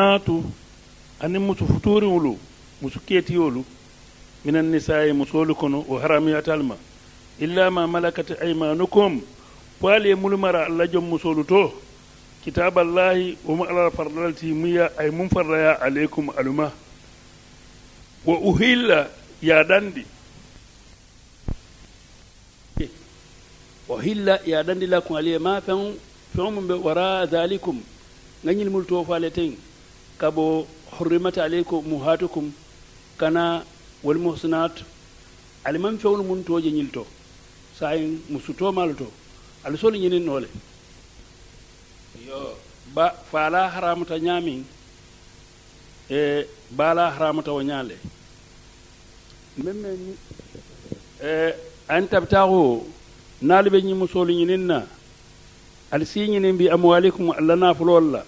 naatu anin musu futuriŋolu musu keetiyoolu minan nisayi musoolu kono o haramuyatal ma illa ma malakat aymanukum fo ali ye mulu mara allah jom musoolu to kitaballahi womu alala fardalati muya ay mum fardaya aleykum aluma wo uhilla yaadandi o hilla yaadandi lakum aliye ma feŋ feŋ mum ɓe wara dalikum ŋañil mulu to fo ale teŋ kabo horrimata aleyko muhatukum kana wal muhsinat alimam fewno mun toje ñilto sahen mo sutomalo to ala sol ñininnoole yo ba fala haramata ñamin e bala haramata wo ñale meme ni e an tabitaxo naali ɓe ñimmo soolu ñinin na aɗa siñinin mbi amu alaykum allah nafulol la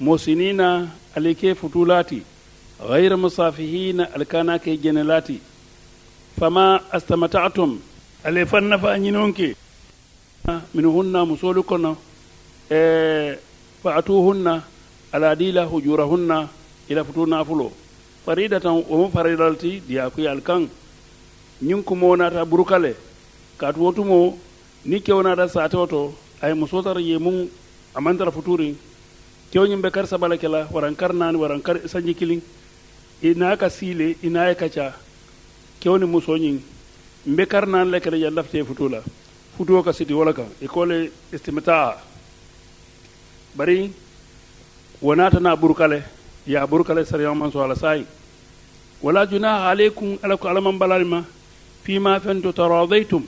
mosinina alike futulati ghayra musafihina alkana ke jenelati fama astamata'tum ale fanna fa nyinonke minhunna musulu kono e fa'atuhunna ala dila hujurahunna ila futuna fulo faridatan o mo faridalti diya ku alkan nyin kumo nata burukale katu wotumo ni kewnata satoto ay musotar ye mun amantara futurin kewñimɓe kar sabala la waran kar naani waran kar sañi kilin ina ka siile ina ye kaca kewni musoñin mbe kar naani le kele ya lafte futu la futuo ka siti wala kan ikole istimtaa bari wonatana burkale ya burkale sariyan man so ala saayi wala junaha aleykum ala ko alaman balalima fima fento taradaytum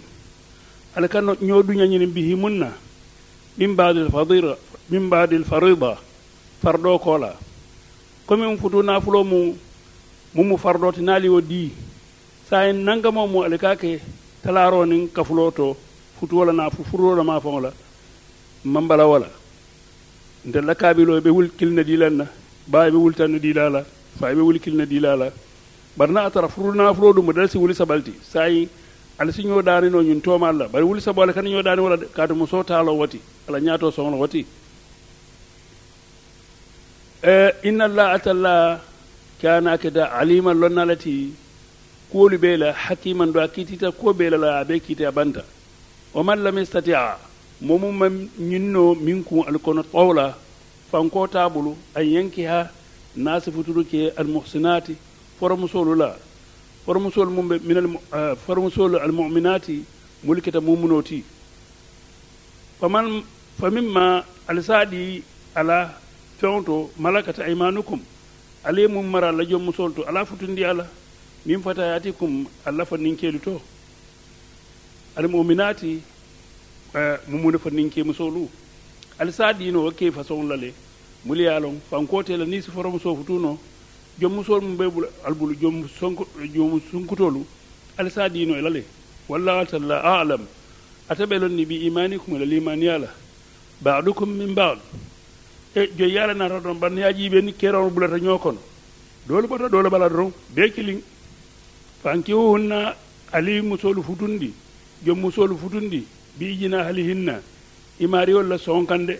ala kanno ñooduñañinin bihi munna min badi lfadira min badi lfarida la kola komin futu naafuloo mu mu farɗoti naali o di sa en moo mu ali ke talaro nin kafuloo to futu wala na fu furulo ma fon la mambala wala nde la kabilo be wul kilna dilan na ba be wul tan dilala fa be wul kilna dilala barna atara furu nafulo dum dal si wuli sabalti yi ali si ñoo daani no ñun tooma la bari wuli sabo ala kan ñoo daani wala kaatu mu soo taalo wati ala ñaatoo soŋlo wati Eh, inna allaha talla kanake da alima lonnalati kuolu ɓeyla hakiman do a kitita ko ɓeylala a ɓe kiti a banta wa man lam yestatia momuma ñinno min ku alkono qawla fanko taabolu a yenkiha nasifuturuke almuhsinati foromusolu la foromusol mumɓe min eh, foromusol almuminati mulkita mumunoti fa man fa mimma alsaaɗi ala feŋo to malakata aymanukum alla ye muŋ mara la joŋ musolu to ala futundi ala la miŋ fatayaati kum alla fa kelu to ali muminaati mu eh, mumune fa ninke musolu ali saa diino wo ke fasoŋo la le mulu ye a loŋ fankoo la niŋ si foro musoo futuno joŋ sol mu be bulu ali bulu jomu sunkutolu ali saa diino i e la le wallahu alam ate ni bi imani kuŋo la limaniya la baadukum min baadu e joyi yaala nata ɗon mbanne a ƴiiɓe ni keerono ɓulata ñoo kono doole ɓota doole ɓala ɗon be kilin fanki hohunna ali musolu futundi jom musolu futundi mbiijina hali hinna imari olla sonkande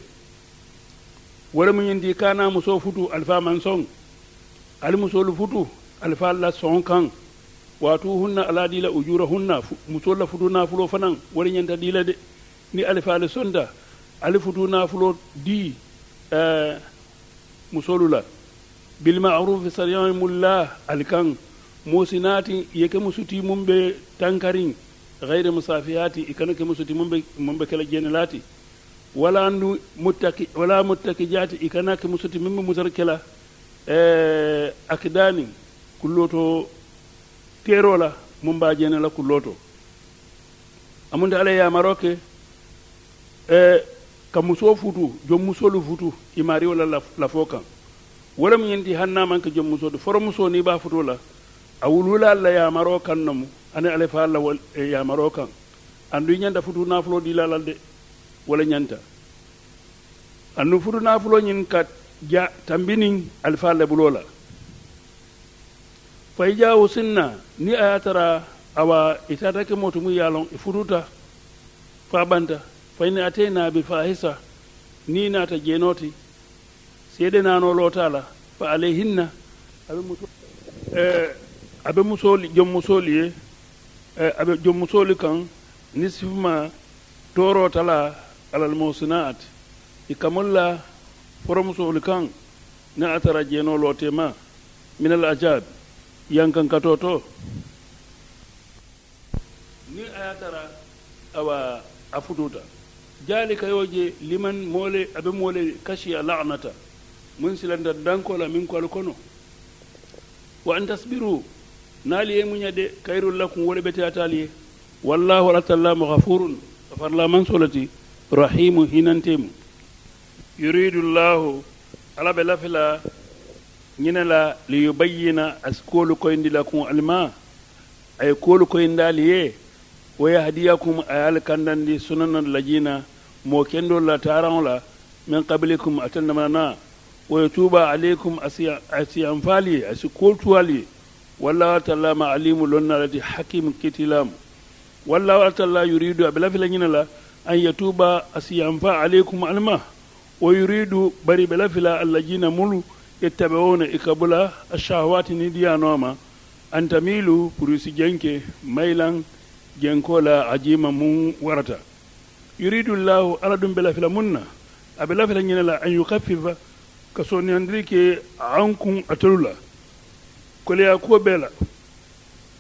wala muñindi kana muso futu alfa man son ali musolu futu alfa alla sonkan watu hunna ala ɗila ujura hunna musolla futu nafulo fanan wari ñanta ɗila de ni alifa ali sonda ali futu nafulo di musolula bilma'ruf sariyamullah alkan musinati yake musuti mun be tankarin غير مسافيات يكنك مسوتي من بك الجنلاتي ولا انو متكي ولا متكجات يكنك مسوتي من مزركلا اكدان كلوتو تيرولا من باجنلا كلوتو amunda ala ya maroke e ka muso futu jom musolu futu i mari wala la, la fo kan wala mu ñinti hannamanke jom muso du foro muso ni ba futu la a wulula alla yamaro kan nomu ani ale fa alla e eh, yamaro kan andu ñanta futu nafulo di lalal de wala ñanta andu futu nafulo ñin ka ja tambinin ale fa alla bulo la fa jawo sinna ni ayatara awa itata ke motu mu yalon i fututa fa banta fa in na bi fahisa ni nata jenoti seede nano lotala fa alayhinna aɓe muso eh, aɓe musoli joom musoli ye eh, aɓe muso li kan nisifma torotala alal musinaat i kamolla li kan ne atara jeenolotema min al ajab ka to ni ayatara awa a jalika yoje liman mole abe mole kashi ya la'nata mun silanda danko la min kwal kono wa an tasbiru nali e munya de khairul lakum wore beti wallahu la tallamu ghafurun fafar la man solati rahimu hinantem yuridu allah ala bela fila ñine la li yubayyina as koolu koyindi la ay koolu koyindaali ويهديكم آل كندن دي سنن اللجينة موكندو لا تارون لا من قبلكم أتنمنا ويتوب عليكم أسي أسي أنفالي أسي كولتوالي والله تعالى ما عليم لنا التي حكيم كتلام والله تعالى يريد بلا في لجينة لا أن يتوب أسي أنفا عليكم علما ويريد بري بلا في اللجينة ملو يتبعون إكبلا الشهوات نديا نوما أن تميلوا بروسي جنكي ميلان jenkola ajima mun warata yuridu ala ɗum be lafila mun na a be lafila ñinela an yukaffifa ka soniyandiri ke ankun atolu la koleya kuo bee la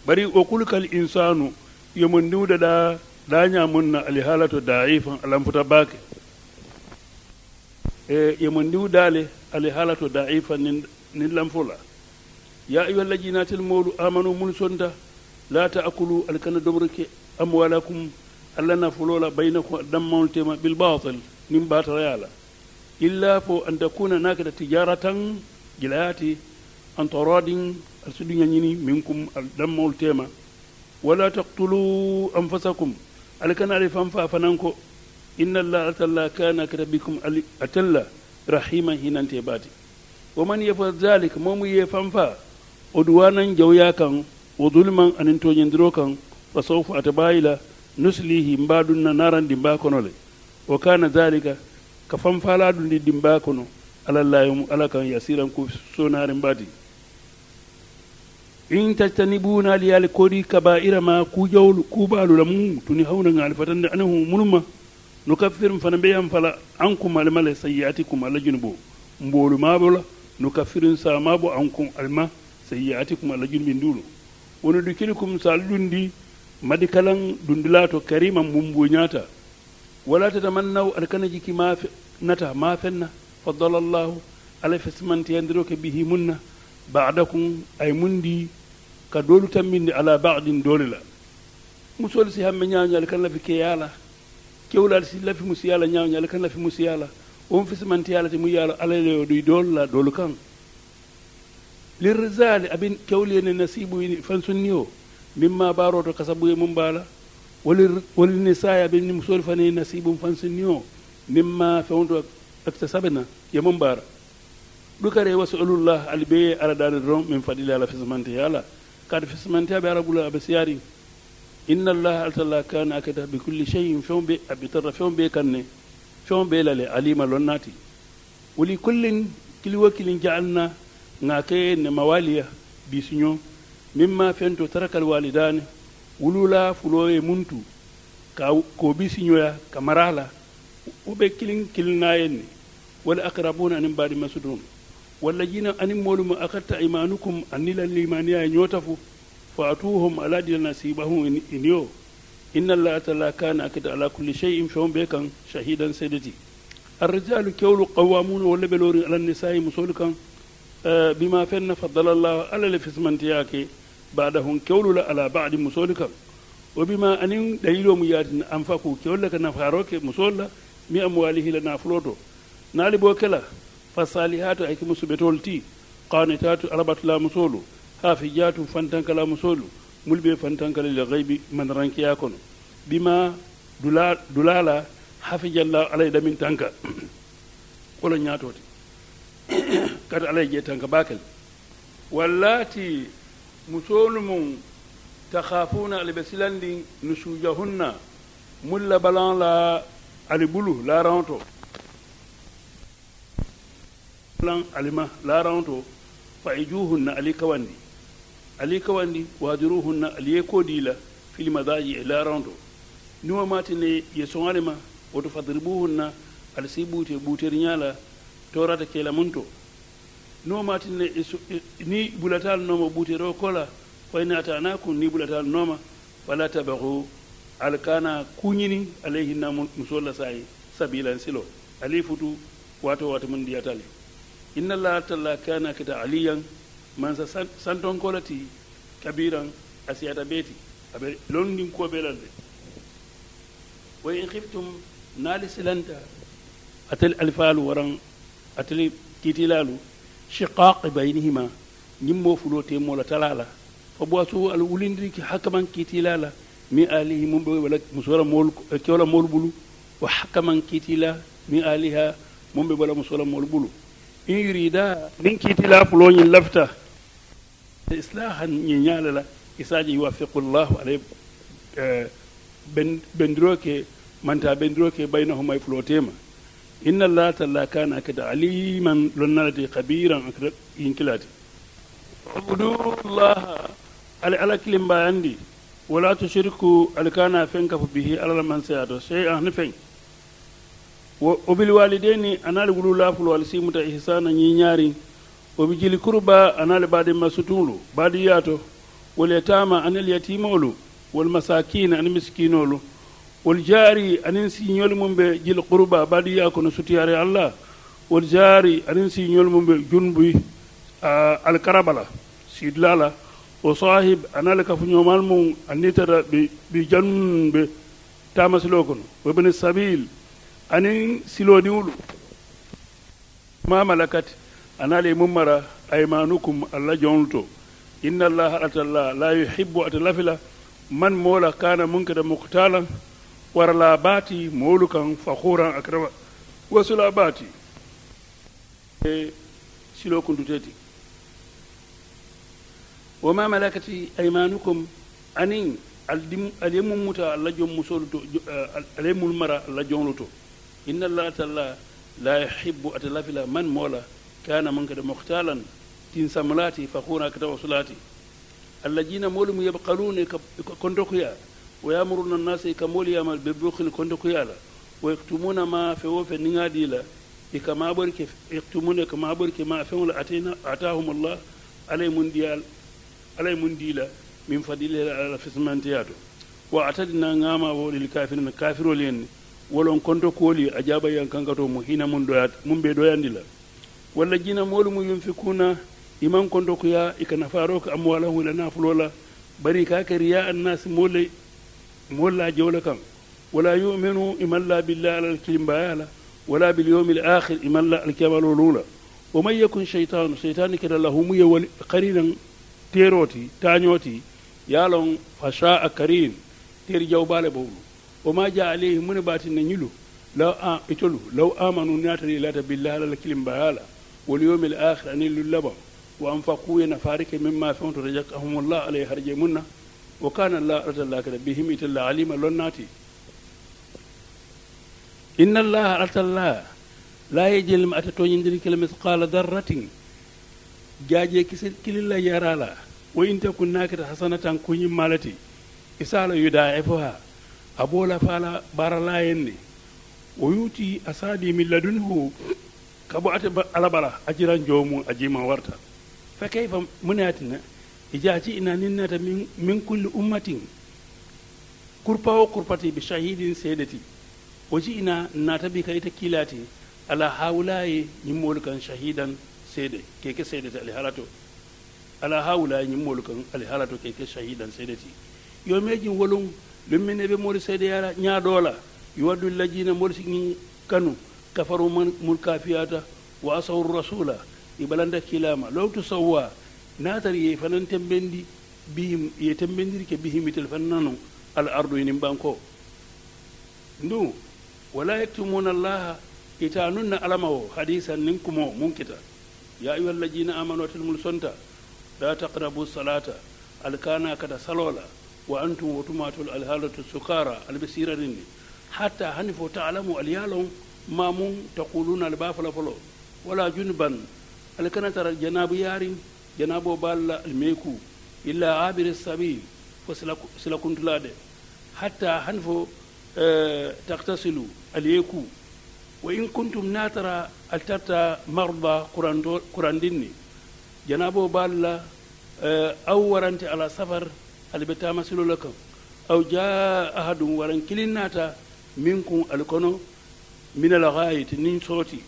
bari wo kulikal insanu yomon ndiwdada daña mun na alihala to daifan alamfuta baake e daale ndiwdale alihala to daifan nin lanfo la ya ayuha alladina atil molu amanu mun sonta la ta taakulu alkana domroke amwalakum allah nafulola baynako dammawnotema bil batil nin batarayala illa fo an takuna nakata tijaratan jilayati an torodin alsudu ñañini minkum al dammawol tema wala taqtulu anfasakum alkana ali fanfa fananko inna allah atalla kana kata bikum atalla rahima hinante baati waman yefa dalik momu ye fanfa o duwanan jawya kan wa zulman anin toñendiro kan fa sawfa atabayila nuslihi mbadun na naran dimba kono le wa kana zalika ka dun di dimba kono alallahimu mu kan yasiran ko sonare badi in tajtanibuna liyali kodi kaba'ira ma ku balu lamu tuni hawnaga ali da anhu munuma nukaffirum fana be yam fala ankum almala sayyatikum ala junubo mbolu mabola nukaffirum sa mabu ankum alma sayyatikum ala junubi ndulo وندخلكم سالوندي مدكلا دندلاتو كريما ممبونياتا ولا تتمنوا أركنا جيكي ما نتا ما فنا فضل الله على فسمنت يندروك به منا بعدكم أي مندي كدول تمين على بعض دوللا musol si hamme ñañal kan lafi ke yala kewlal si lafi musiyala ñañal kan lafi musiyala on fisimanti yala te mu yala alele o duy dol la kan lirrisali aɓen kewlene nasibu ene fansunni o mimma baroto kasabu e mum mbaala wali nisaya aɓen ni musoli fane nasibum fansunni o mimma fewnto actasabena ye mum mbaara ɗukare wasalullah ali ɓe araɗade doron min faɗili ala fismante ala kadi fismante aɓe arabula aɓe siyari inna allah altallah kana akata bi culli cheyin fewn ɓe aɓe tarra fewn ɓe kanne fewn ɓe lale alima lon naati woli kullin kili wakkilin jaalna na kai ne mawaliya bisinyo ma fento tarakal walidani wulula fuloye muntu ka ko bisinyoya ka marala ube kilin kilinayenni wal aqrabuna anin badi masudun walla jina anin molum akatta imanukum anila limaniya nyotafu fatuhum ala dil nasibahum inyo inna allaha ta'ala kana akida ala kulli shay'in shawm be kan shahidan sayyidati الرجال كيول قوامون ولا بلوري على النساء مسول Eh, bima fenna faddalallahu ala le fismantiyake baɗahon kewlula ala badi musolu kan wo bima anin dalilo mu yatin an faku kewla ka nafaro ke musol la mi amwalihi la nafulo to naali bo kela fa salihatu ayke musubetol ti qanitatu arabatula musolu hafijatu fantankala musolu mulɓe fantankala lil gaybi mandarankiya kono bima dulala hafijalla alay damin tanka wala ñatoti kar ala ge tanka bakal wallati musolumum takhafuna albasilandi nusujahunna mulla balan la ali bulu la ranto lan alima la ranto fa ali kawandi ali kawandi wadiruhunna ali kodila fil madaji la ranto nuwa matine ye wato woto fadribuhunna ali si bute torata la mun to ne ni bulatal nooma butero kola ta na kun ni bulatal noma wala tabahu ala kana alayhi na musolla sai sabilan silo alifutu wato wato mun ndiyatale inna allaha ta'ala kana kita aliyan mansa kolati kabiran asiyata beeti londin ko ɓelal de wa in khiftum nalisilanta silanta alfal waran atali titilalu baynihima nim ñimmo fulote la talala fa boasu al wulindiri ki hakaman kitilala mi alihi mum be wala musola mool kewola mol bulu wa hakaman kitila mi aliha mum be wala musola mol bulu in yurida nin kitila fuloñin lafta islahan ñi ñalala isaji yuwafiqu allah alay bendiro manta bendroke baynahuma fulotema inna allah talla kana kada aliman lonnalade kabiran akada yinkilati ubudullah ala ala kilimba andi wala tushriku ala kana fen kafo bihi alala man seyato sey an fen o bil walideni anali wulu lafulo ala simuta ihsana ñiñaari o ɓe jili kurba anali baade ma sutulu baadi yaato wol yatama anel yatimolu wol masakina ani miskinolu والجاري أنين سينيول مم بجيل قربا بادي يكون ستياري الله والجاري أنين سينيول ممبي جنبي آه الكربلا سيدلالا وصاحب أنا لك فنيوم المون أني ترى بجنب تامسلوكن وابن السبيل أنين سلو نيول ما ملكت أنا لي ممرة أيمانكم الله جونتو إن الله أتلا لا يحب أتلافلا من مولا كان منكر مقتالا ورلا باتي مولكا فخورا أكرما وسلا باتي إيه، سلو كنت تدي وما ملكت أيمانكم أنين اليم متى الله جم مسولتو آه، اليم المرأة الله جونلتو إن الله تعالى لا يحب أتلافلا من مولا كان من كده مختالا تنسى ملاتي فخورا كتاب صلاتي الذين مولم يبقلون كنتوكيا ويأمرون الناس كمول يامل ببخل كنت كيالا ويكتمون ما في وف ديلا يكما بورك يكتمون كما بورك ما فيو أتينا أتاهم الله علي منديال علي منديلا من فضيله على فسمانتياتو وأعتدنا نعما للكافرين كافرون لين ولون konto كولي اجابا jaabayan kankato mu hina mun doyat mun be ولا جينا مول jina moolu mu yunfikuna iman konto kuya ika nafaaro ka amwalahum ila nafulo la مولا جولكم ولا يؤمنوا إمن لا بالله على الكلمة بايالا ولا باليوم الآخر إمن لا الكمال الأولى ومن يكن شيطان شيطان كده لهم يولي قرينا تيروتي تانيوتي يالون فشاء كريم تير جوبال بولو وما جاء عليه من بات نيلو لو آ... اتلو لو آمنوا ناتر إلا بالله على الكلمة بايالا واليوم الآخر أن اللبن وأنفقوا ينفارك مما فهمت رجعهم الله عليه هرجمنا wa kana Allah arsalaka bihim italla alima lonnati inna Allah arsalaka la yajlim atatoñindiri kila misqala darratin jaaje kililla yarala wa in takun hasanatan kuñim malati isala yudaifuha abola fala barala yenne o asadi min ladunhu kabo ate ajiran jomu ajima warta fa kayfa munatina إذا جئنا للناس من, من كل أمة كربا وكربتي بشهيد سيدتي وجئنا ناتبك إتكيلاتي على هؤلاء يمولكا شهيدا سيدة كيك سيدة الهالاتو على هؤلاء يمولكا الهالاتو كيك شهيدا سيدتي يوم يجي ولون لمن يبي مول سيدة يالا نيا دولا يودو الذين مول كانوا كفروا من كافياتا وعصوا الرسول يبلند كلاما لو تسوى natar ye fanan tembendi bihim ye tembendiri ke bihimitel fannano al ardu inin banko ndu wala yaktumuna allaha itanunna alama o hadisan nin kumo mun kita ya ayyuhal ladina amanu tilmul sonta la taqrabu salata alkana kada salola wa antum watumatul alhalatu sukara albisirarinni hatta hani fo taalamu alyalon ma mun taquluna albafala folo wala junban alkana tara janabu yarin janabo balla almeku illa abir sabil fo sila kuntulade hatta hanfo fo taktasilu alyeku wa in kuntum natara altarta marda kurandinni janabo balla aw warante ala safar ali be tamasilo la kan aw jaa ahadum waran kilin minkum ali min alghayit nin soti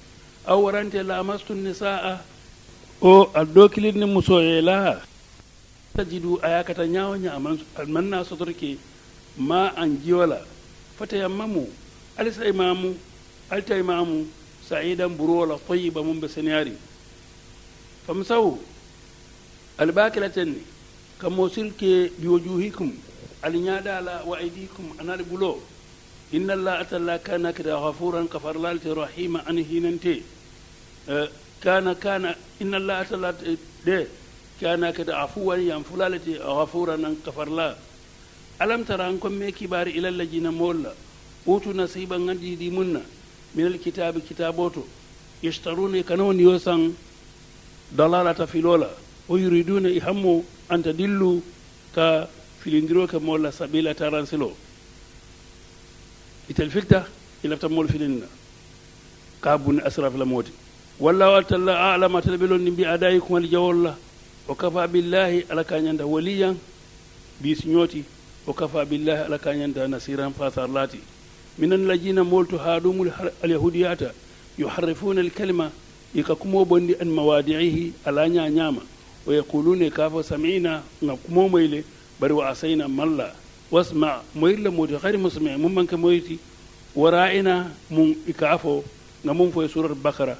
aw warante lamastum nisaa o addo kilinni musoyela tajidu ayakata nyawo nyaman almanna sotorke ma an jiwala fata yammamu alisa imamu alta imamu sa'idan burola tayyiba mun be seniyari famsahu albakilatenni kammo silke biwajuhikum aliñaɗala wa aydikum anaɗe ɓulo inna allah kana kada hafuran kafarlalte rahima an hinante eh, كان كان إن الله تعالى ده كان كده عفوا ينفلالتي غفورا كفر لا ألم ترى أنكم ميكي بار إلى الذين مولا أوتوا نصيبا عندي دي منا من الكتاب كتابوتو يشترون كانون يوسان ضلالة في لولا ويريدون يهموا أن تدلوا كفلندرو كمولا سبيل ترانسلو إتلفكتا إلا تمول فيلنا كابون أسرف لموتي والله تعالى أعلم تلبلون بأدائكم الجوالله وكفى بالله على كان ينده وليا بيسنيوتي وكفى بالله على كان ينده نصيرا فاثرلاتي من الذين مولت هادوم اليهوديات يحرفون الكلمة يككمو بند أن موادعه على نعم ويقولون كافو سمعنا نكمو ميلي بروا وعصينا ملا واسمع ميل متخير مسمع ممن كمويتي ورائنا من إكافو نمون في سورة البقرة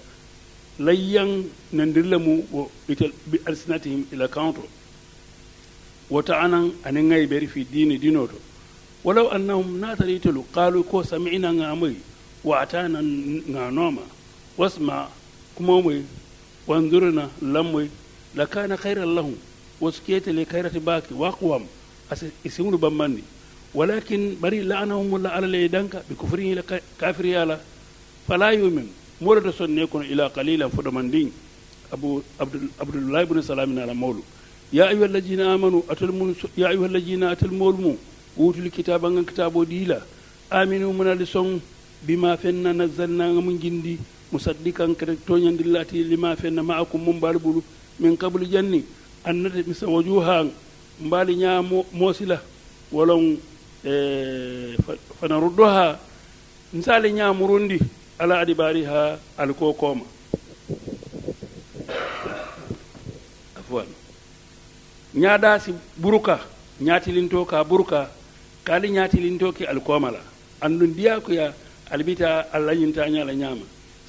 layyan nandirlemu wo ita bi arsinatihim ila kanto wata anan anin ngai beri fi dini dinoto walau annahum nataritalu qalu ko sami'na ngamai wa atana nganoma wasma kuma mai wanzurna lamai lakana khairal lahum wasu li khairati baki waqwam isimru bammanni walakin bari la'anahum la ala bi kufrihi kafiriyala fala yu'min morata sonne kono ila qalila fuɗoman ndin abu abdoullahi bune salamin ala mawlu ya ayuha alladina amanu atal mum ya ayuha alladina atal molu mum wutul kitaba ngan kitabo dila aminu munali son bima fenna nazzalnaga mum jindi musaddikan kete toñandillati lima fenna maakum mum mbaali ɓulu min kablu janni annata misa wajuhan mbali nya mosila walon eh, fana ruddoha misali nya murundi ala adibariha alikuwa koma afwan nyada si buruka ñaatilinto ka buruka kaali ñaatilinto ke alkomala andu ndiya ya albita allañinta ñala ñaama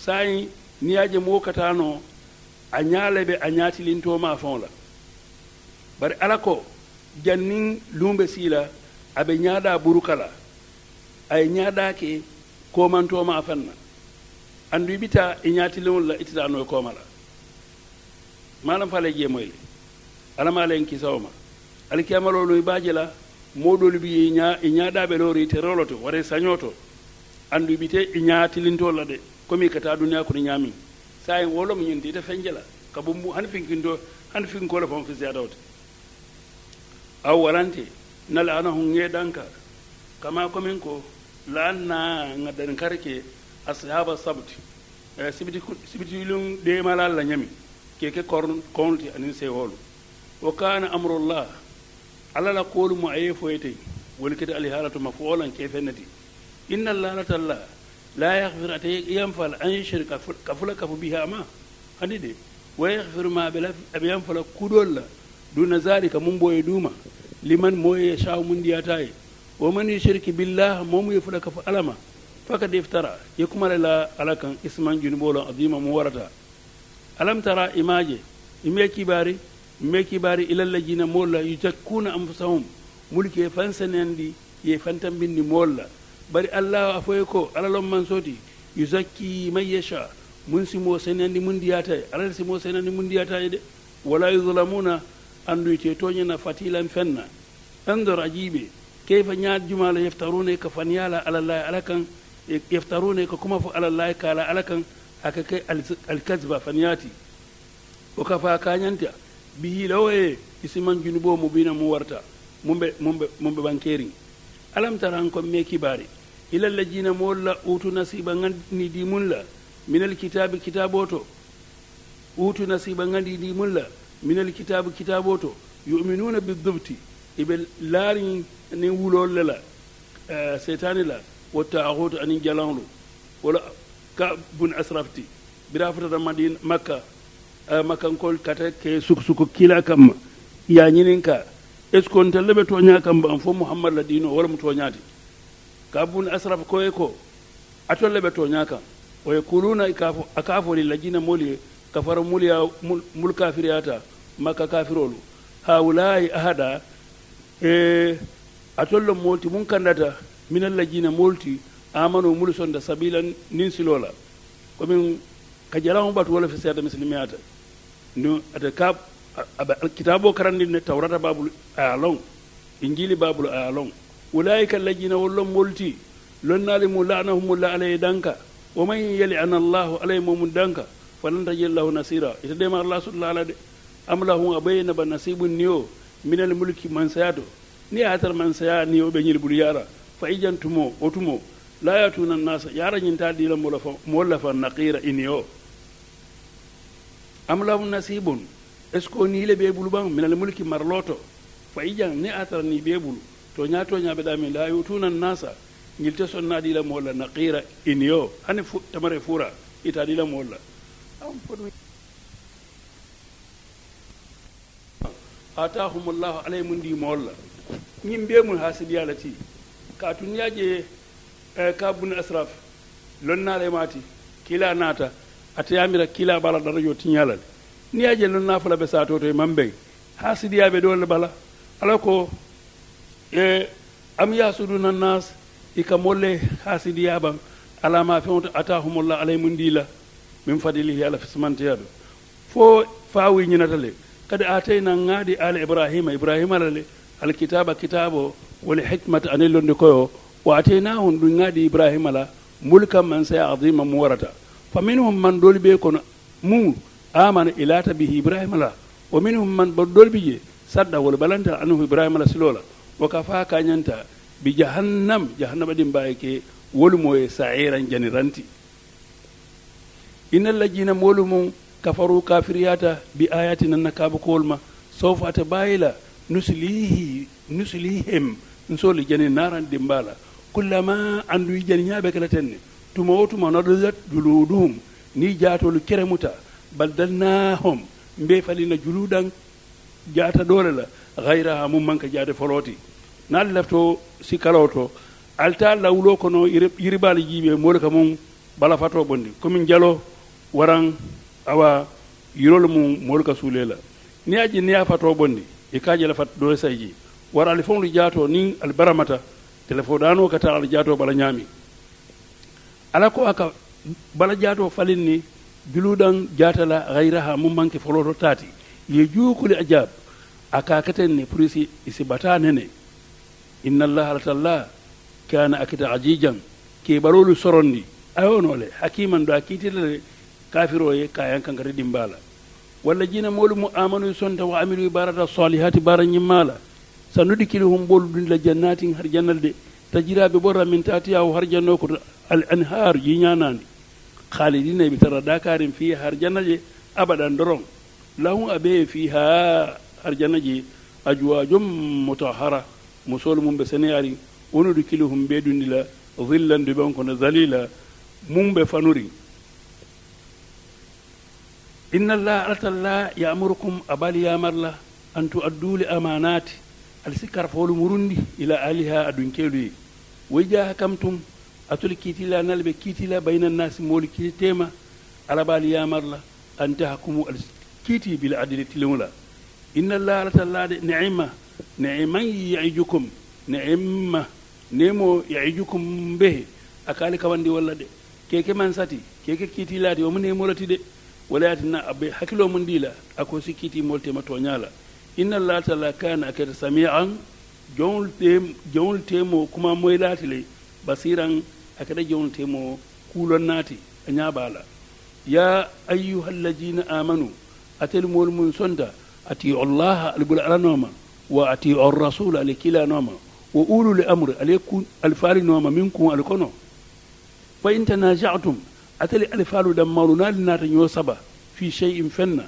saayi niyaje mo katano a ñaale be a ñaatilinto ma fon la bari alako ko jannin lumbe sila abe nyada buruka la aye ñaaɗa ke komantoma fanna andu i bita i ñaatiliŋolu la itita noy kooma la maalam fa la jeemoy le ala maa len kisawo ma alikiyamaloolu i baaje la moodoolu bi i ñaadaabe loori ite rolo to wara sañoo to andu i bite i ñaatilintoo la de komi ka taa duniyaa kono ñaamiŋ saayiŋ wo lomu ñinti ite fenje la ka bo mu hani han hani finkoo le fon fisiyaatawo te aw warante na laanahun ŋee danka kamaa komin ko laan naa ŋa dankari ashaba sabti sibiti de malal la ñami keke konti anin sewolu wa kana amrullah ala la kolu mu aye foyete woni kete alihalatu mafulan ke fennati inna lalata la la yaghfir ate yamfal an shirka kafula kafu biha ma hande wa yaghfir ma bela yamfal kudol duna zalika mun boye duma liman moye shaw mun diyataye wa man yushrik billah momu yafula kafu alama faka da iftara ya kuma lalla alakan isman junibola a zima mu warata alamtara imaje ime bari ime bari ilalla jina mola yutakkuna amfusahum mulke fansanen di ya fantan bindi mola bari allah a foye ko alalon man soti yuzakki mai yasha mun si mo senen di mun diyata alal si mo senen di mun diyata de wala yuzlamuna andu to tonya na fatilan fenna andor ajibe fa nyaad jumala ne ka fa fanyala alallahi alakan ala yaftaruna ko coma fo alallahi kala ala kan aka kay alkasba faniyati o ka fa kañanta bi hila o e isiman junubo mo bina mo warta mumɓe mumɓe mumɓe ɓankeeri alam taran kon me kibaari ila lladina moolla utu nasiba ngandi dimunla minal kitabe kitabe oto utu nasiba ngandi dimunla minal kitabe kitabe oto yuminuna bidubti iɓe laari nin wulollela setani la uh, والتعهد أن جلانلو ولا كابن أسرافتي برافة مدين مكة آه مكة نقول كتا كي سك سك كلا كم يعني نكا إس كنت لبي تونيا كم بأنفو محمد لدينو ولا متونياتي كابن أسراف كويكو أتو لبي تونيا كم ويقولون أكافو للجين مولي كفر مولي مول كافرياتا مكة كافرولو هؤلاء أهدا إيه أتو لهم مولتي من كندتا min alladina molti amanu mulu sonda sabilan nin silola komin ka jaramu batu wala fi sayata muslimiyata no ata ka kitabo karandi ne tawrata babul alon injili babul alon ulaika alladina wallon molti lonnali mu la'anahum la alayhi danka wa man yali an allah alayhi mum danka falan tajid lahu nasira ita de ma allah sallallahu alaihi am lahum abayna ba nasibun niyo min al mulki man sayato ni atar man saya niyo be nyil bul yara fa ijantumo otumo la yatuna nasa yarañinta ɗila molafa mollafa naqira am nasibun est ce o niile ɓe mulki marloto fa ni atara ni ɓe ɓulu to la nasa sonna naqira hani tamare fura ita katun yaje eh, kabun asraf le mati kila nata atayamira kila bala dara yo tiñalal ni yaje lonna fala be satoto man e mambe ha sidiyaɓe ɗo le bala ala ko e am yasuduna nas ika molle ha ma fi fewto atahumullah alay mundila min fadlihi ala fismantiyaɓe fo fawi ñinata kada kadi atayna ngadi ala ibrahima ibrahima ala alkitaba kitabo wal hikmata ani londi koyo wa atainahum ɗum ŋaaɗi ibrahima la mulkan man saya adima mu warata fa hum man ɗoli ɓe kono mum amana ilata bihi ibrahima la wa hum man ɓa ɗolɓi je sadda wol ɓalanta anhu ibrahima la silola wo ka fa kañanta bi jahannam jahannama ɗin mbawi ke wolumo e sairan janiranti innal lajjina molu mum kafaru kafiriyata bi ayatina nakaba kowol ma sowfa ata bayila nusilii hem n sohli jani naran dimbala kullama anduyi jani ñaaɓe kala ten ne tuma o tuma nodojat juluuɗum ni jaatolu keremuta baldalnahum mbe falina juluuɗan jaata ɗoole la hayra ha mum manka jaade folooti naal lefto si kalaw to alta lawlo kono yiribaali jiiɓe mori ka mum bala fato ɓondi commin jalo waran awa yirol mum morika suule la ni a ji ni a fato ɓondi e kaajala fat ɗo e sayji wara ali feŋolu jaato niŋ ali baramata telefo daanoo ka tara ali jaato bala ñaami ala ko aka bala jaatoo falin ni biluudaŋ jaata la hayraha mu manke foloto taati ye juukuli ajaab a ka keten ni pour isi isi bataa nene inna allaha latalla kana akita ajijan keɓarolu sorondi ayonole hakiman do a kiitila le kafiro ye kayan kankata dimbala walla jina moolu mu amanu sonta wa amilu barata salihati bara ñimmala sanudkilhum boludin la jannatin har jannal de tajiraɓe ɓorra min tatiyahu har janno ko al anhar yiñanani khalidina ɓe tara dakarin fi har janna abadan doron lahum abe fi ha har janna je ajwajum mutahara musol mum ɓe sene ari onudkilhum ɓeɗundila zillan duɓe on kono zalila mum ɓe fanuri inna allah alatalla yamurukum abal yamarla an tu'addu li amanati aɗa sikki karafoolu murundi ila aali ha adun keeloyi woy jaha kam tum atole kiitila nala ɓe kiitila baynan nasi mooli kiitetema alaɓaali yamarla ante hakkumu aɗa kiiti bila adile tilola inna llah ala tallade neima neiman yaijukum neima nemo yaijukum mbehe a kaali kawandi walla de keke man sati keke kiitilaade omo nemolati de walayatina aɓe hakkilo mum ndila ako si kiiti molitema toñala inna lata la kana kada sami'an jawul temo kuma moy latile basiran akada jawul temo kulon nati a anya bala ya ayyuhal na amanu atel mol mun sonda ti allah albul noma wa a ti ar-rasul alikila noma wa ulul amr alaykum alfari noma min minkum alkono fa in tanaja'tum atali alfalu ta linata nyo saba fi shay'in fenna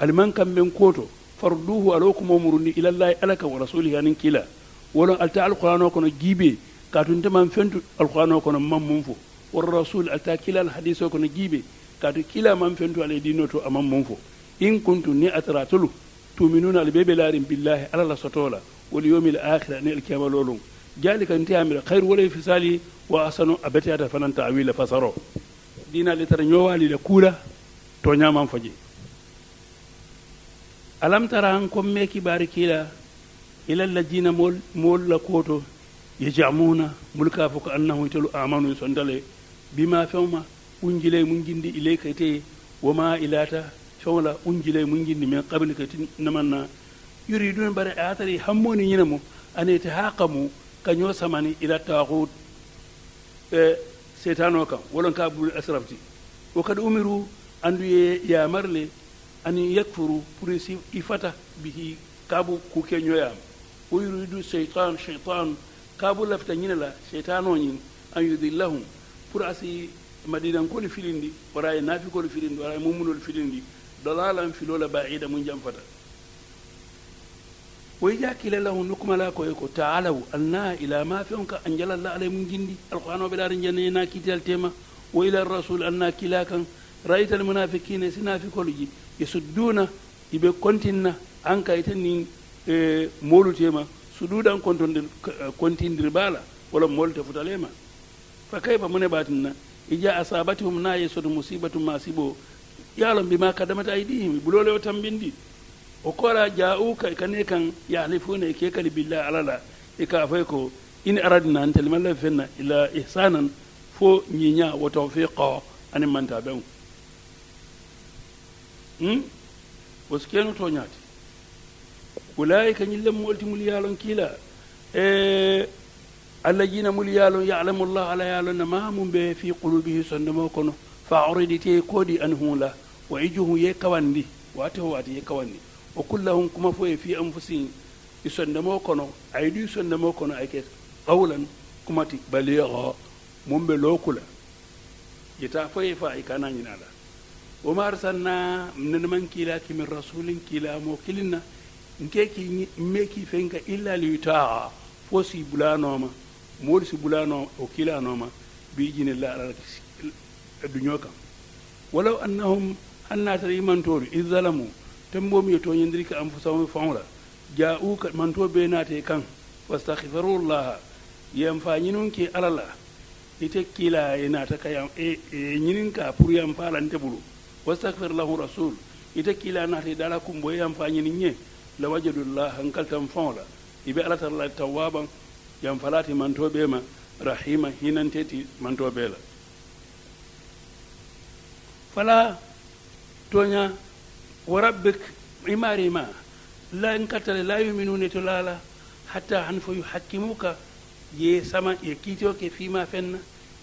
alman kan men koto farduhu alo kuma muruni ilallahi alaka wa rasulihi anin kila wolon alta alqur'ano kono jibe katun man fentu alqur'ano kono mam mum fo war rasul alta kila alhadiso kono jibe katu kila man fentu ala dino to amam mum fo in kuntum ni atratulu tuminuna albebe larin billahi ala la sotola wal yawmil akhir ni alkiyama lolum jalika nti amira khairu wala fisali wa asanu abati ata fanan ta'wila fasaro dina litara nyowali le kula to nyaman faji alam tara an comme me kibaari kiila ilalla jina mool moolla kooto ye jamuna mulka fo ko annahum telu amanu sondale bima fewma unjile mun jindi ilay kate woma ilata fewla unjile mun jindi min qabli kati namanna yuriidun bare aatari hammoni ñina mo anete haa kamu kaño samani ila taaku e setan o kam wolon ka bul asraf ti o kadi umiru anduye yamarle ani yakfuru pour ifata bihi kabu kuke nyoya o yuridu shaytan shaytan kabu lafta nyina la cheytan o an yudillahum purasi asi madinankolu filindi wara nafi naafikolu filindi wara e filindi dalalan filola baida mun jam fata woy jakile nukuma la koye ko taalaw anna ila ma fiunka ka an alay mun jindi alqur'an o ɓeɗaɗo janne na tema wa ila rasul anna kilakan kan raita almunafiqina sinafikol ji e sudduna iɓe continna an kayten nin e molutema so ɗuɗan kontondir contindir baala wala molta futalema fa kayfa mune ɓatinna ija asabatihum na yesoto musibatu masibo yalon bima kadamata aydihim bulole o tambindi o kora ja'uka e kane kan yahlifuna e kekali billah alala e ka fay ko in aradna an talimalla fenna ila ihsanan fo ñiña wa tawfiqa ani manta ɓen Hmm? wasu wosi keno toñaati ulaika ñille moolti mul yaalon kiila e eh, na mul ya alamun llah ala ya ne ma mun ɓe fi kulubi son da kono fa oridi te koodi anhum la wa juhu ye kawandi waate o waati ye kawandi o hun kuma fo e fi an anfusihim i sondemo kono ay ɗi sondemo kono ay ke qawlan kumati mun mum ɓe lookula yeta fo ye fa i la وما أرسلنا من من كلاك من رسول كلا موكلنا نكيكي ميكي فينك إلا ليطاع فوسي بلا نوما مورسي بلا نوما وكلا نوما بإذن الله على الدنيا كم ولو أنهم أن تري من تولي إذ ظلموا تمبوم يتويندريك أنفسهم فعلا جاءوك من تو بيناتي كان واستغفروا الله ينفعنونك على الله ite kila ina ta ka yam e nyinin ka pour yam palante bulu واستغفر له رسول يتكي لا نهر دالكم بويام فاني نيني لوجد الله انكل تنفولا يبي الله توابا ينفلات من توبيما رحيما هنا تتي من توبيلا فلا تونيا وربك عماري ما لا انكتل لا يؤمنون تلالا حتى عنف يحكموك يسما يكيتوك فيما فن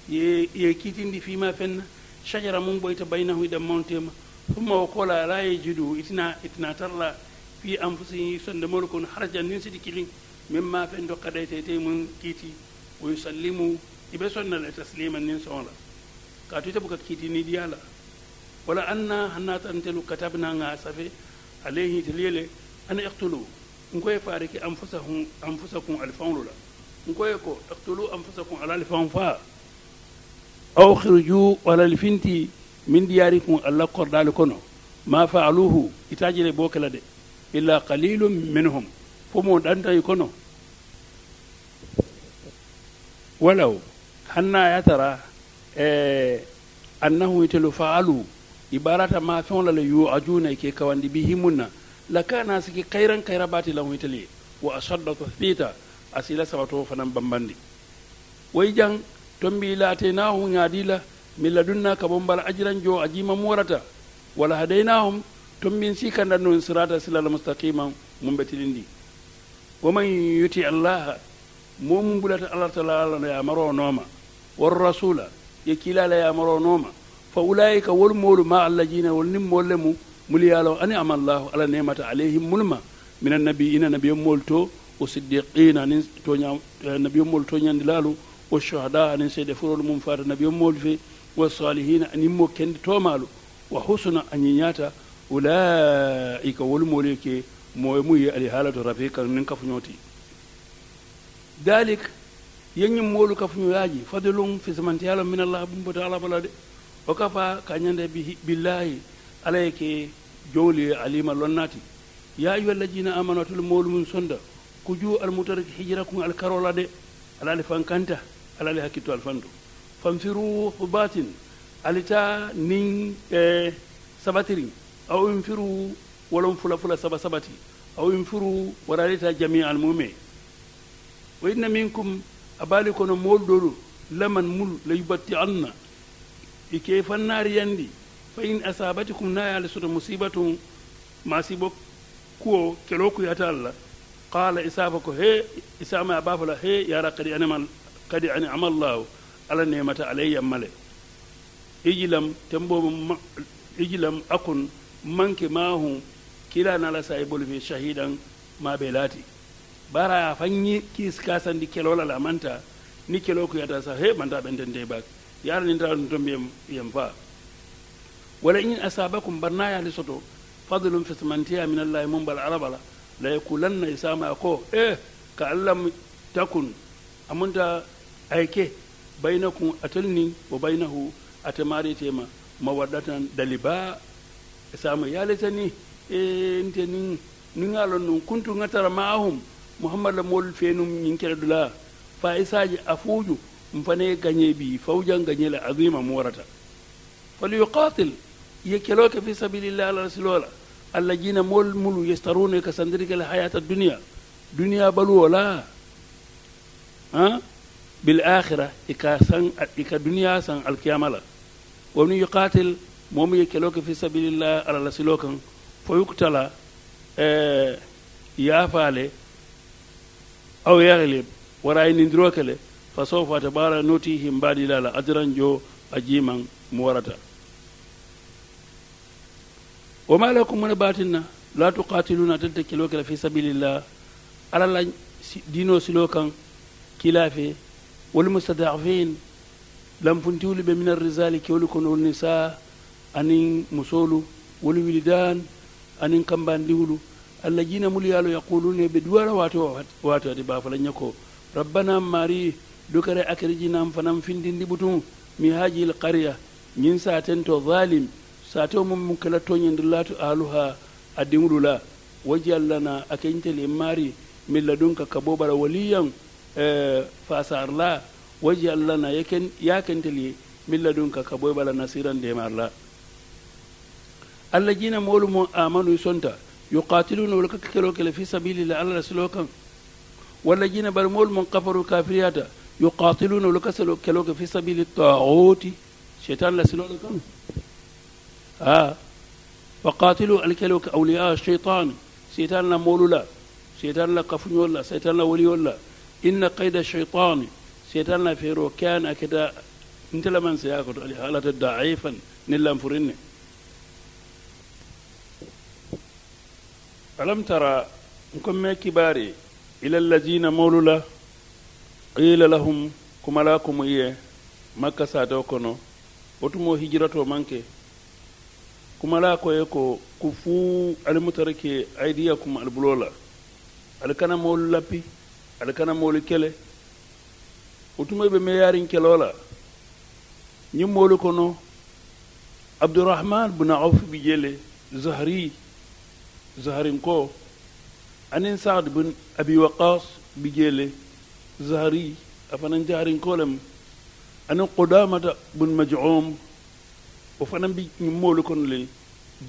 فيما فن, يكيتو فيما فن shajara mun boyta hu idan mawntema thumma o kola la jidu itina itina tarla fi anfusihim sonde mol kon harajan nin min ma mimma fen kada ta ta mun kiti o yusallimu ibe sonna la tasliman nin Wala ka ta buka kiti ni diyala wala anna hanna tantelu katabna nga safe alayhi tilele an iqtulu ngoy fariki anfusahum anfusakum alfawlula ngoy ko iqtulu anfusakum ala alfawfa awkhiruju wala li finti min diyari kun allah kordali kono ma faaluhu itajile bookela de illa qalilum minhum fo mo ɗantayi kono walaw hanna yatara e annahu itelu faalu ibarata ma feo lale yuajuna ke kawandi bi himunna lakana siki kayran kayra bati lahu itali wa asadda tathbita asila sawato fanan bambandi way jang ton mbi la ataynahum yaadila min ladunna ka bon bala ajiran jo ajima morata wala hadaynahum ton min sikanda non sirata silal mustaqima mum betilindi wa man yuti allah mum bulata allah taala ya maro noma war rasula ye kilala ya maro noma fa ulaika wal mulu ma allajina wal nim mollemu muliyalo ani amallahu ala nemata alayhim mulma min annabi ina nabiyomol to o siddiqina nin to nabiyomol to ñandilalu wasu shahada wa sayidi furar mu fara daga yamma wani fɛ wasu suwani hiinan animo kent Tom alu wa husuna anyi nya ta wala ika wali mwaleke mu mu yi ali halatu rafet kan ninkafu ɗinoti. daalik yannin mulu kafin ya yaji fadlun fisa man tiya min alah abun bata ala bala de ba ka fa ka yande bi bi alayke jonee alima lonna ya yi wani lajji na amanatu mu mulu mun sonda ku ju alimutal de alalifan kanta. alali hakkitto alfando fanfiru hubatin alita nin eh, sabatirin aw infiru wolon fula fula saba sabati aw infiru waralita jami almume wa inna minkum abali kono mool ɗolu laman mul la yubatti anna i ke fannaari yandi fa in asabatikum nayaale soto musibatum masibo kuwo kelo kuyata allah qala isaba ko he isama abafala he yara kadi anemal kadi ani amallahu ala nemata alayya male ijilam tembomo ijilam akun manke mahu kila nala sa bolu fe shahidan ma be laati bara fanyi kis di kelola la manta ni kelo ko yata sa he manta den de bak yar ni ndal ndom yem yem fa wala in asabakum ya li soto fadlun fi samantiya min allahi mun bal arabala la yakulanna isama ko eh ka allam takun amunta aike a atulni wa bainahu atamari tema mawadatan daliba samu ya ni e eh, nin alon nun kuntu ngatara maahum muhammad la mol fenum nyin kere fa isaji afuju mfane ganye bi faujan ganye la azima morata falyuqatil yekeloke fi sabilillah ala rasulola allah jina mol mulu ne ka sandirike la hayata duniya dunia baluwola ha bil akhira ika san ika duniya san alkiyama la wa min yuqatil mom ye kelo ke fi sabilillah ala la silo kan fo yuktala eh yafale aw yaglib wara ay nindiro kele fa sawfa tabara nutihim badila la ajran jo ajiman muwarata wa ma lakum min batinna la tuqatiluna tanta kelo fi sabilillah ala la dino silokan kan kilafe والمستضعفين لمفنتولي من الرجال كيولكن والنساء أنين مسولو والولدان أن كمبان ديولو الذين مليالو يقولون بدوار واتو واتو دبا فلنكو ربنا ماري دوكري أكرجنا فنم فندين دبتون من هذه القرية من ساتن تو ظالم ساتو من مكلتو يندلاتو أهلها أدمولو لا وجعل لنا أكنتل ماري من لدنك كبوبر وليا fasar la wajal lana yaken yaken tili min ladunka ka boy bala nasiran de marla allajina molu mo amanu sonta yuqatiluna wal kakelo kele fi sabilillah alla rasulo kam wallajina bal molu mon kafaru kafiriyata yuqatiluna wal kaselo kelo fi sabili taguti shaitan la silo kam ah فقاتلوا الكلوك أولياء الشيطان شيطان لا مولولا شيطان لا كفنيولا شيطان لا وليولا inna qaida shaitani shaitan na fero kyan akita intalaman sa yakoto ali halata da'ifan nillan furinne alam tara nkon me kibari ila allazina maulula qila lahum kumala kumuye makka sato kono mo hijirato manke kumala koye ko kufu fuu aidiya kuma albulola alkana molu lappi ala kana moolu kele utuma be meyaariŋ keloo la ñiŋ moolu kono abdurahman bun auf bi jele zahri zahrin ko anin saad bun abi waqas bi jele zahri afanan jahrin ko lem anin qudamata bun majum o fanan bi ñiŋ moolu kono le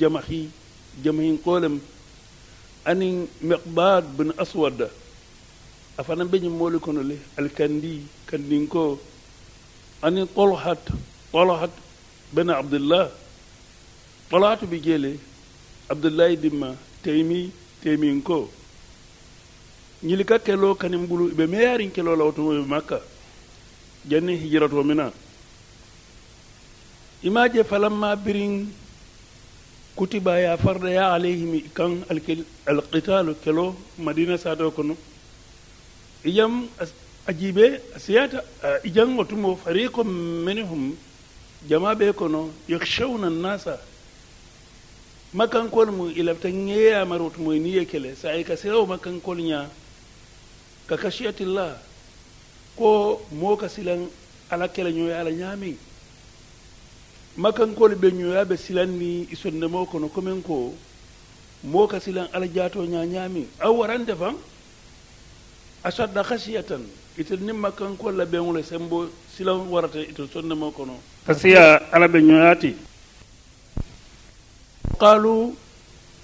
jamahi jamahin ko lem anin miqbad bun aswada afana ɓeñimmoole kono le alkanndi kanndinko anin qolohat qolohat bene abdillah qolohatu ɓe jeele abdillahi dimma teemi teeminko ñili ka kelo kanin ɓulu ɓe meyarin kelo lawtumoɓe makka janni hijiratomina imaje falamma birin kutiba ya farda ya alayhim kan alqitalu kelo madina sado kono ijam ajibe siyata ijam watumo fariqum minhum jama be kono yakhshawna an-nasa makan kolmu ilaftan yeya marotumo ni yekele sai ka siraw makan nya ka kashiyatillah ko mo ka silan ala kele nyoya ala nyami makan kol be nyoya be silan ni isonne mo kono komen ko mo ka silan ala jato nya nyami aw warande fam ashadda khashiyatan itel nimma kanko labe beŋole sembo silan warata itel ma kono pasiya ala be ñoyati qalu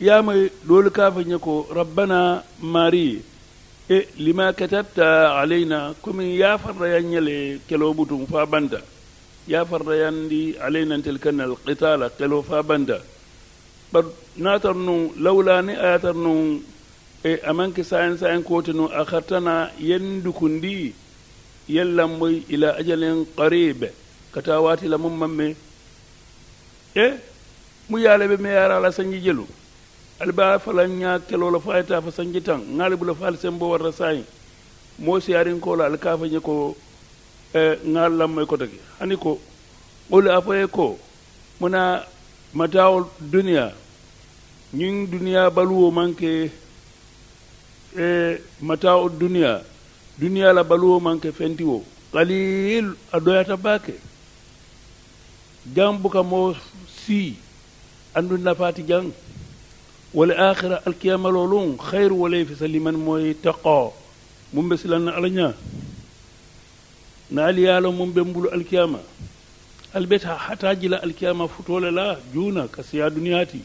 yamay doolu kaafa ñe ko rabbana mari e lima katabta alayna komin yafarda yan ñele kelo butum fa banta yafarda yandi alaynantel kannal qitala kelo fa banta bat natar nun lawla ni ayatar nun e amanke sayan sayan kotinu akhartana yan lambu ila ajalin ka ta wati la mamme e mu yale bi me yara la sanji jelu alba falan ya kelo la fayta fa sanji tan ngalibu la fal bo warra sayi mo arin ko la alkafa ko e ngal lammoy ko tagi hani ko qul afaye ko muna matawul duniya ñing duniya baluwo manke e mata o duniya duniya la baluwo manke fenti wo qalil a doyata baake jang buka mo si andu nafati jang wal akhirah al qiyamah lolun khair wala fi saliman mum be silan alanya na ali yalo mum be mbulu al qiyamah al beta hata futole la juna kasiya duniyati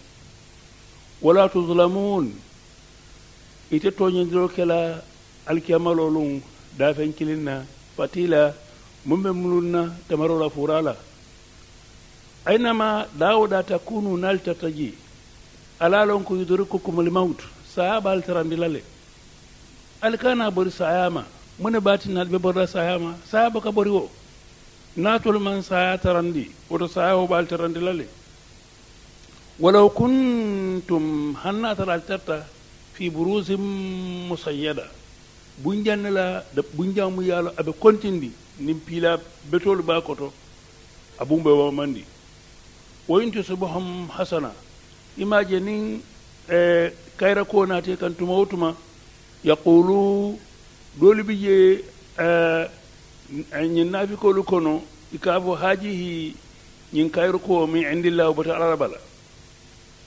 wala tuzlamun ite toñindiro kela alkiyamalolun dafen kilin na la muŋ be munun na tamaro la fura la ainama dawda takunu naltataji ala loŋ ko ko yudrikukum almaut sahaba altarandilale alkana bori sayama mune batinal be borda sayama sahaba ka bori wo natol man saya tarandi woto saya o baltarandilale walaw kuntum ali tarta fi brusim musayyada buñ janne la da buñ jaamu yàlla abe kontindi nim piila betoolu baa koto a bumbe wa mandi wo yunti subahum hasana imaje nin e kayra koo naate kan tuma wo tuma yaqulu doolu bi je e, ñin naafikoolu kono i kaa fo haajihi ñin kayra koo min indillahu bata alarabala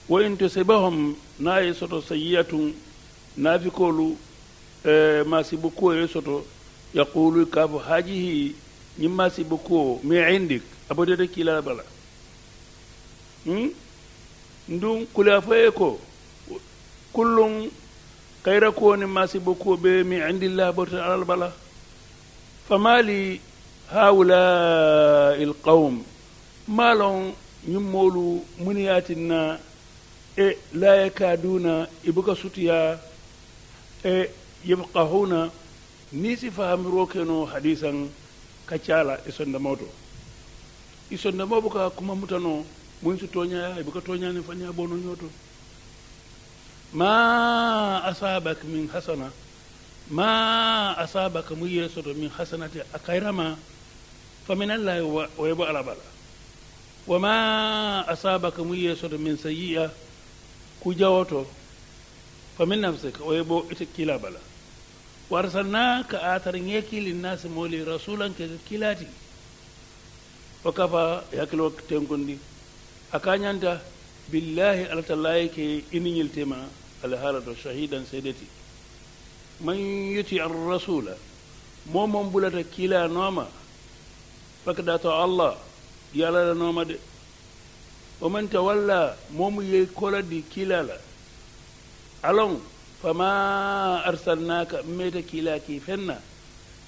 wo in tosibahum naye soto sayiyatun naafikoolu e, maasibukuwo ye soto yaqulu kaafo haajihi ñiŋ maasibukuwo mi indik abodede kiilala bala hmm? ndun kuliyafoye ko kullun kayira kuwo ni maasibukuwo be mi indillah abota alal bala famaali haula ilqawum maa lon ñiŋ moolu muniyaatin na e la yakaduna ibuka sutiya e na ni si fahamiro keno hadisan kaccala e moto i sondamo buka kuma mutano mun si toñaya ibuka tonya fani fanya bono nyoto ma asabak min hasana ma asabaka mu yire soto min hasanati a kayrama famin allahi wa yebo alabala wa ma asabaka mu yire soto min sayi'a kujawoto famin nafsika o yeɓo ite kila bala ka atar atara ŋeki nasi mooli rasulan keka kilati o kafa hakkilo tenkundi a akanyanta billahi alatallayi ke iniñiltema alahaala to shahidan sedeti man yuti ar rasula momon bulata kila noma fakadato allah yalala noma de ومن تولى مومي كولدي كيلالا ألون فما أرسلناك ميتا كيلا كيفنا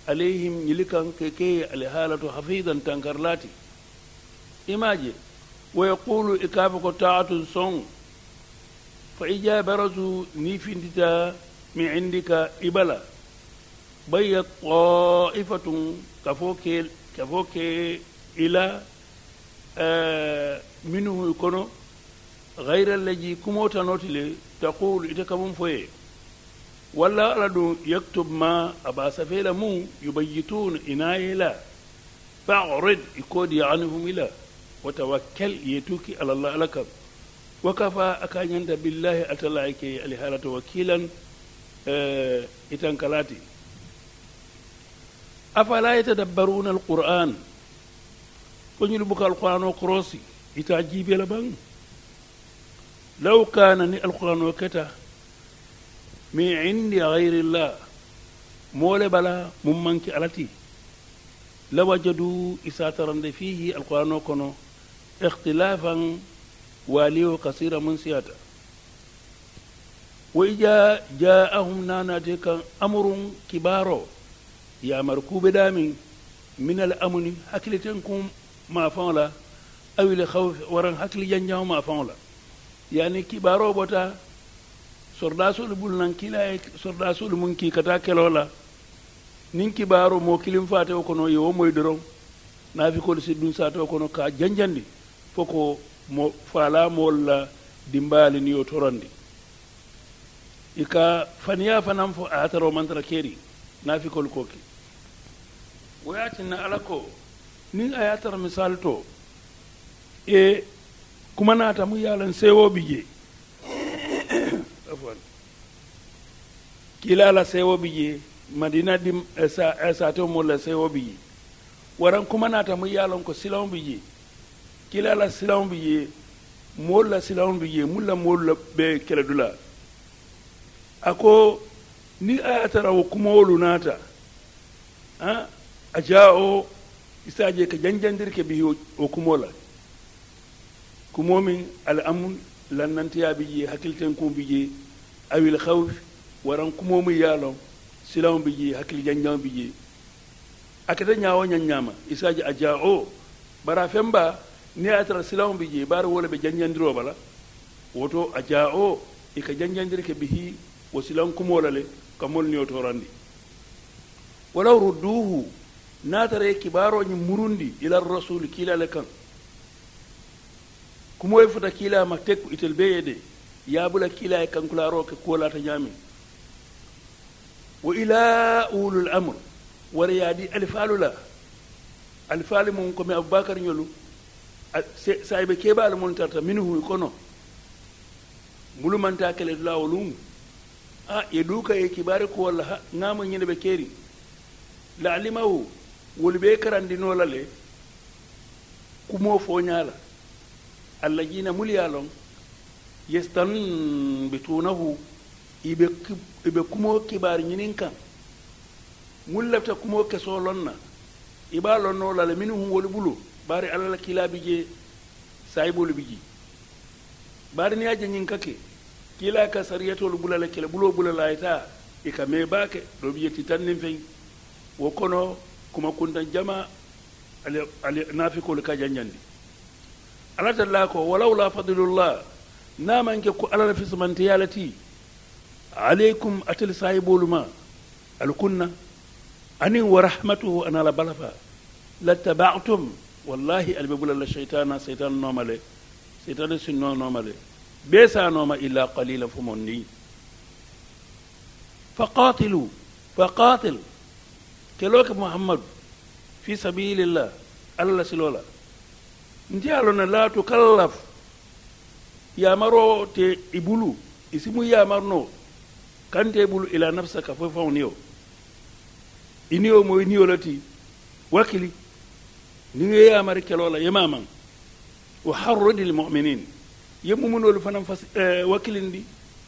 عليهم يلكن كيكي الحالة حفيظا تنكرلاتي إماجي ويقول إكابك طاعة صن فإجا برزوا نيفندتا من عندك إبلا بيت طائفة كفوكي كفوكي إلى minuhu آه، kono غير الذي كموت نوتلي تقول إذا كمون فوي ولا أرد يكتب ما أبا سفيل مو يبيتون إناي لا فأعرض يكودي عنهم إلا وتوكل يتوكي على الله لك وكفى أكان ينت بالله أتلعك لهالة وكيلا آه، إتنكلاتي أفلا يتدبرون القرآن konyul buka alquran o korosi ita jibe la bang law kana ni alquran o keta mi indi ghayri allah mole bala mum manki alati lawajadu isatarande fihi alquran o kono ikhtilafan waliyo kasira mun siyata wa ija ja'ahum nanate kan amrun kibaro ya markube damin min al-amni hakilatan kum ma fonla awile haw waran hakli janjaw maafaŋo la yaani kibaaroo bota sordasolu bul nan kila e sordasolu mun ki kata la nin kibaro mo kilim fate o kono yo moy moyi doroŋ kol si dun sate o kono ka janjandi foko mo fala molla dimbali ni o torandi ika faniya fanaŋ fo a hataro mantara keri nafi kol koki woyatinna ala ko niŋ a ye tara misali to e kuma naata mu ye a seewoo bi je kila la bi je madina di sateo mu la bi je waran kuma naata mu ye a loŋ ko silaŋo bi je kila la silaŋo bi je moolu la silaŋo bi je mun la moolu la be kele dula a ko ni a ye tara wo kumawolu naata a jaa o isaje ko janjandirke ɓe o kumola kumomin al'amun lannantiyaɓe je hakkilten bi je awil hawf waran kumomin yaalon silawɓe je hakkil janjawɓe je akata ñawo ñanñama isaji a ja o bara femba ni a tara bi je bara wole be janjandiro bala woto a ja i ka janjandirke ɓe hi wo silan la le ka ni niyo torandi walaw rudduhu natare ni murundi ila rasul kiilale kan futa fota ma tekku itel beede ya bula kila e ro ke kuolata ñaamin wa ila ulul amr wara yaadi alifaalu la alifaali mum mi abubakar ñolu sayibe keɓaali mon tarta minhu kono mbulumanta kele lawo lungu a ah, ye duuka ye kibaari ko wala ha ŋaama be ɓe keeri la alimahu wolu be karandinoo la le kumoo fooñaa la alla jiina mulu ye a loŋ yestan yestanbituunahu ibe be kumoo kibaari ñiniŋ kaŋ mulu lafita kumoo kesoo loŋ na i be a loŋ noo la le minu minnu wolu bulu baari alla la kiilaa bi jee saayibolu bi jii baari niŋ ye a je ñiŋ ka ke kiilaa ka sariyatolu bula le kele buloo bula la a ye taa i ka mee baa ke doo bi je titan niŋ feŋ wo kono kuma kuntan jama ali nafikolu ka janjandi ala talla ko walawla fadlullah ke ko alala fismantiyala ti alaykum atel sahibolu ma alkunna ani wa rahmatuhu ana la balafa lattabatum wallahi alɓe la shaytana shaytan nomale shaytan sin nomale besa noma illa qalila fumunni فقاتلوا فقاتل keloke muhammadu fi sabilillah allah silola nti alona la tukallaf yamaro te ibulu isimu yamarno kante ibulu ila nafsaka fo fawniyo iniyo mo iniyo lati wakili niŋe yamari kelola yemaman wa harrudi lmuminin ye mumunolu fanan wakilindi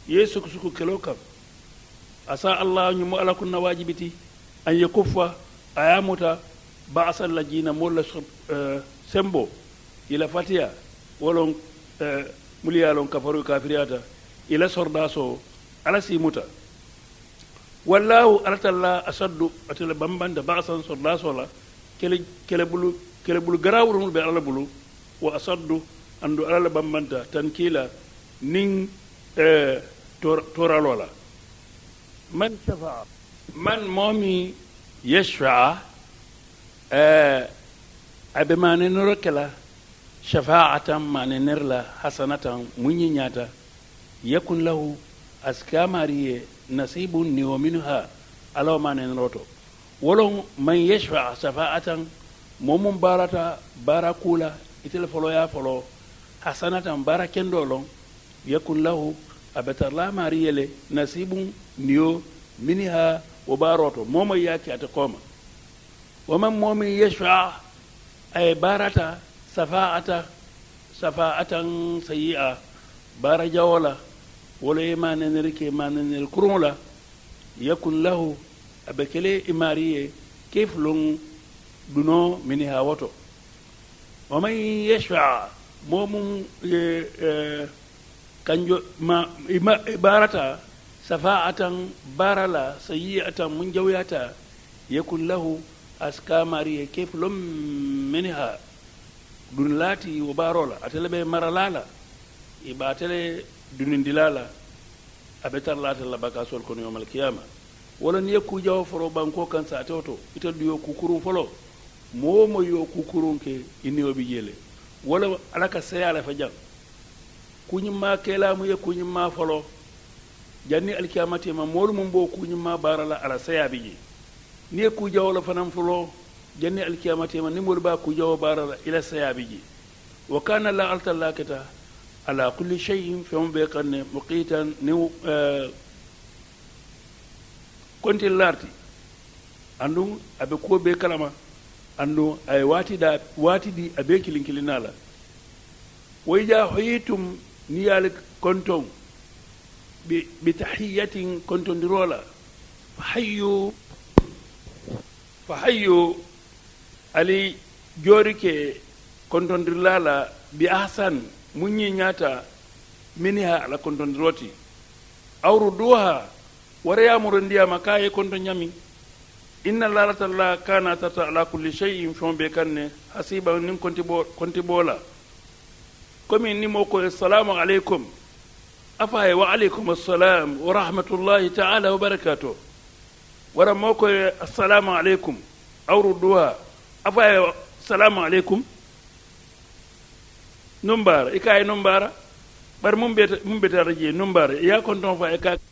ye sukusuku kelo kam asa allah ñumo ala kunna wajibiti an yi kufa a ya ba a san allajina na mola eh, sembo ila fatiya walon eh, muliyalon kafaru kafiriyata ila sordaso ala si muta wallahu alatalla asaddu atala bambanta ba'san sorda so la kele kele bulu kele bulu garawul mul be ala bulu wa asaddu andu ala bambanta tankila nin uh, tor toralola man shafa'a man momi yashfa eh abe mane norokela shafa'atan mane nerla hasanatan munyinyata yakun lahu askamariye nasibun niwo minha alaw mane noroto wolon man yashfa shafa'atan momum barata barakula itel folo ya folo hasanatan barakendo lon yakun lahu abetarla mariyele nasibun niyo minha wa ubaroto momo ki ata koma wa waman momin yashua a barata safa'ata safa'atan sayi'a bara jawala wala yi mananin rike mananin kurula ya kullahu a bakile imariye kifilun duno mini hawato waman yashua momin eh, kanjo ma ibarata safa'atan barala sayyi'atan mun jawyata yakun lahu askamari keflom minha dunlati wo barola atele be maralala e batele dunindilala abe tarlata la baka sol kono yomal kiyama wala ni ku jawo foro banko kan sa toto itel yo kukuru folo momo yo kukurun ke bi obi yele wala alaka sayala fajam kunyima kelamu ye kunyima folo janni alkiyamatema moolu mum bo baara la ala sayabi je ni ye la fanan fulo janni alkiyamatema ni moolu ba baara la ila sayaabi ji wa kana la alta la keta ala kulli shay'in bee be ne muqitan ni eh, konti larti a be kuwo bee kalama andum aye watida watidi abe kilinkilinala wa ija hoyitum ni ali kontoŋ bitahiyatin kontondirola hayyu fa hayyu ali joori ke kontondirlala bi ahsan muñi ñaata miniha ala kontondiroti awruduha warayamuro ndiyama kaye konto ñami inna laratalla kana tarta ala kulli shay'in fon be kanne hasiba nin konti bo konti bola komin nimo ko assalamu aleykum أفاي وعليكم السلام ورحمة الله تعالى وبركاته ورموك السلام عليكم أو ردوها أفاي السلام عليكم نمبر إكاي نمبر برمم بيت مم بيت يا كنتم فايكاك